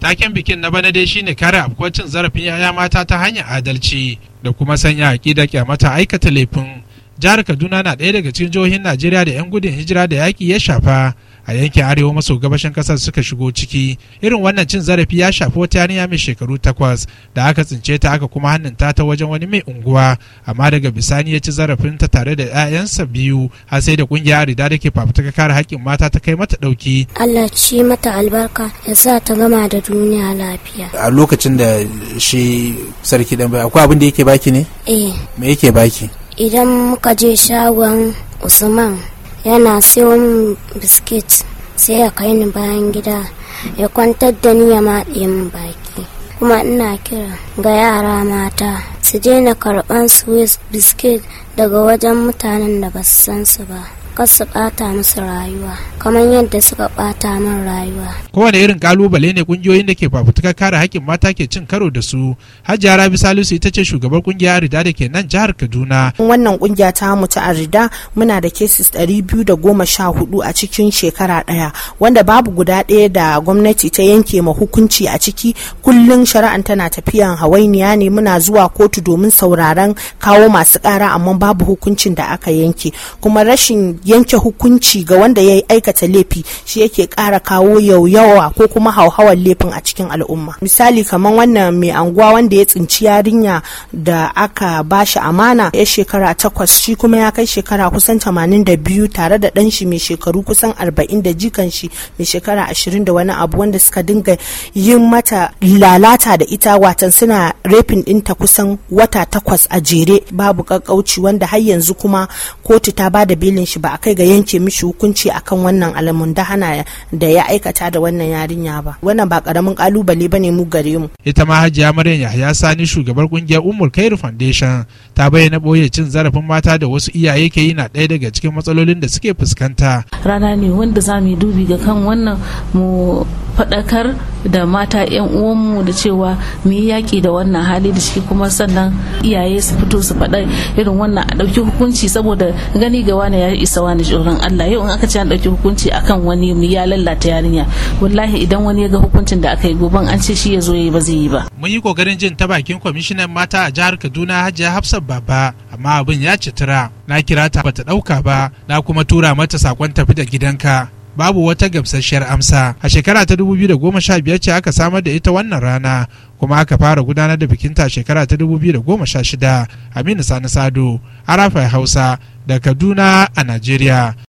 taken bikin na bana dai shine kare afkuwar cin zarafin yaya mata ta hanyar adalci da kuma sanya aƙida kyamata aikata laifin jihar kaduna na ɗaya daga cikin jihohin najeriya da 'yan gudun hijira da yaƙi ya shafa a yankin arewa maso gabashin kasar suka shigo ciki irin wannan cin zarafi ya shafi wata yarinya mai shekaru takwas da aka tsince ta aka kuma hannunta ta wajen wani mai unguwa amma daga bisani ya ci zarafin ta tare da 'ya'yansa biyu har sai da kungiya rida da ke fafutuka kare haƙƙin mata ta kai mata ɗauki. Allah ci mata albarka ya sa ta gama da duniya lafiya. A lokacin da shi sarki dan bai akwai abin da yake baki ne? Eh. Me yake baki? Idan muka je shagon Usman yana siyo min biskit sai ya kai ni bayan gida ya kwantar da ni ya maɗe min baki kuma ina kira ga yara mata su daina karɓan swiss biskit daga wajen mutanen da ba su san su ba kar su bata musu rayuwa kamar yadda suka ɓata min rayuwa. Kowane irin kalubale ne kungiyoyin da ke fafutukar kare haƙƙin mata ke cin karo da su. Hajiya Rabi Salisu ita ce shugabar kungiyar Arida da ke nan jihar Kaduna. Wannan kungiya ta mu ta Arida muna da cases ɗari biyu da goma sha hudu a cikin shekara ɗaya wanda babu guda ɗaya da gwamnati ta yanke ma hukunci a ciki kullum shari'an tana tafiyan hawainiya ne muna zuwa kotu domin sauraron kawo masu ƙara amma babu hukuncin da aka yanke kuma rashin yanke hukunci ga wanda ya aikata laifi shi yake kara kawo yawa ko kuma hauhawar laifin a cikin al'umma misali kamar wannan mai anguwa wanda ya tsinci yarinya da aka ba shi amana ya shekara takwas shi kuma ya kai shekara kusan tamanin da biyu tare da ɗan shi mai shekaru kusan arba'in da jikan shi mai shekara ashirin da wani abu wanda suka dinga yin mata lalata da ita watan suna rafin ɗinta kusan wata takwas a jere babu ƙaƙƙauci wanda har yanzu kuma kotu ta ba da belin shi ba kai ga yance mishi hukunci akan wannan alamun da hana da ya aikata da wannan yarinya ba wannan ba karamin kalubale ba ne mu gare mu ita ma hajiya maryam yahya sani shugabar kungiyar umar kair foundation ta bayyana boye cin zarafin mata da wasu iyaye ke yi na ɗaya daga cikin matsalolin da suke fuskanta rana ne wanda za mu dubi ga kan wannan mu faɗakar da mata 'yan uwanmu da cewa mu yi yaƙi da wannan hali da shi kuma sannan iyaye su fito su faɗa irin wannan a ɗauki hukunci saboda gani ga wani ya isa sawa ne tsoron Allah yau in aka ce an ɗauki hukunci akan wani ya lallata yarinya wallahi idan wani ya ga hukuncin da aka yi goban an ce shi ya zo ya yi ba zai yi ba. Mun yi kokarin jin ta bakin kwamishinan mata a jihar Kaduna Hajiya Hafsat Baba amma abin ya citira na kira ta bata ɗauka ba na kuma tura mata sakon tafi da gidanka. babu wata gamsasshiyar amsa a shekara ta 2015 ce aka samar da ita wannan rana kuma aka fara gudanar da bikinta a shekara ta 2016 aminu sani sado arafa hausa da Kaduna a Najeriya.